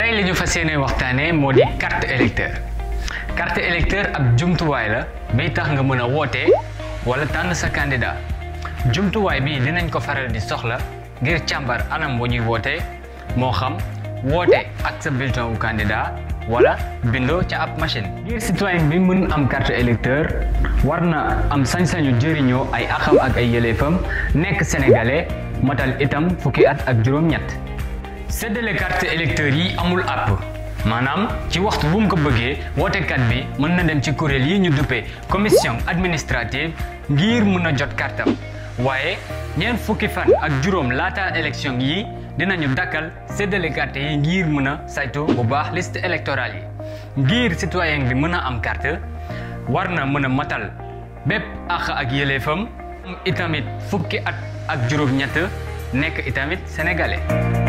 tey li ñu fas yéene waxtaanee moo di carte électeur carte électeur ab jumtuwaay la biy tax nga mën a woote wala tànn sa candidat jumtuwaay bi dinañ ko faral di soxla ngir càmbar anam bu ñuy woote moo xam woote ak sa bulletin wu candidat wala bindoo ca ab machine. ngir citoyen bi mën am carte électeur war na am sañ-sañu jëriñoo ay axam ak ay yëleefam nekk sénégalais matal itam fukki at ak juróom-ñett. séddale carte électeurs yi amul app maanaam ci waxtu bu mu ko bëggee wootekat bi mën na dem ci kuréel yi ñu duppee commission administrative ngir mën a jot kartam waaye ñeent fukki fan ak juróom laata élection yi dinañu dakkal séddale carte yi ngir mën a saytu bu baax liste électorale yi ngir citoyen bi mën a am carte war na mën a matal bépp àq ak yëleefam itamit fukki at ak juróom-ñett nekk itamit sénégalais.